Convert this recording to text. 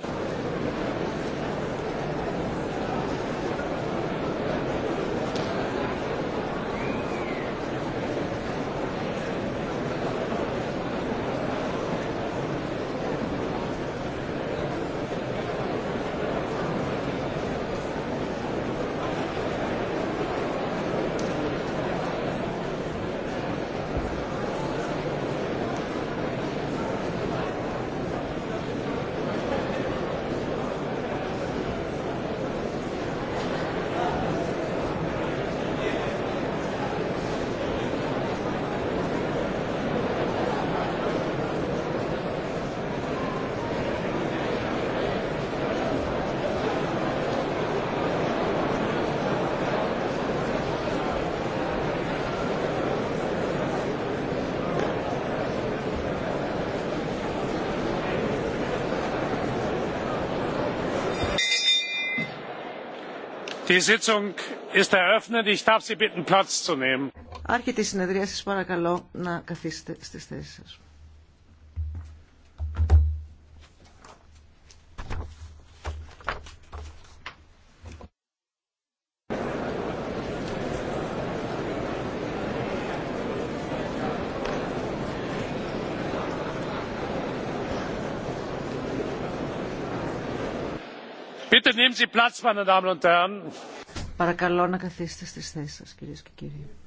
afternoon. Die Sitzung ist eröffnet. Ich darf Sie bitten, Platz zu nehmen. Άρχεται η συνεδρία σας παρακαλώ να καθίσετε στις θέσεις σας. Παρακαλώ να καθίσετε στις θέσεις σας, κυρίες και κύριοι.